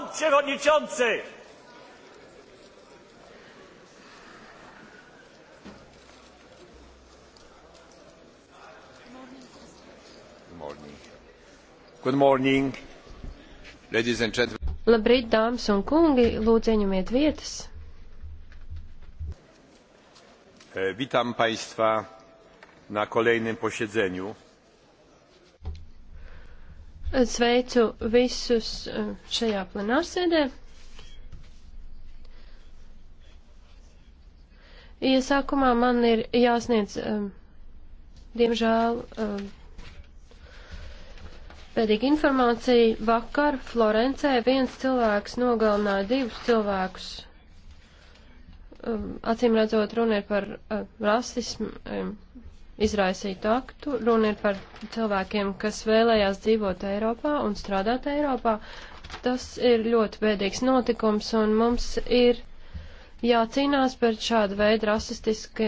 Pan Przewodniczący! Good morning. Good morning, ladies and gentlemen. Labrīt, dāmas un kungi, lūdzu ieņemiet vietas. E, witam Państwa na kolejnym posiedzeniu. Sveicu visus eh, šajā plenārsēdē. Iesākumā man ir jāsniedz, eh, diemžēl, eh, pēdīgi informācija. Vakar Florencē viens cilvēks nogalināja divus cilvēkus. Acīm redzot, runa ir par rasismu izraisītu aktu. Runa ir par cilvēkiem, kas vēlējās dzīvot Eiropā un strādāt Eiropā. Tas ir ļoti bēdīgs notikums, un mums ir jācīnās par šādu veidu rasistiskiem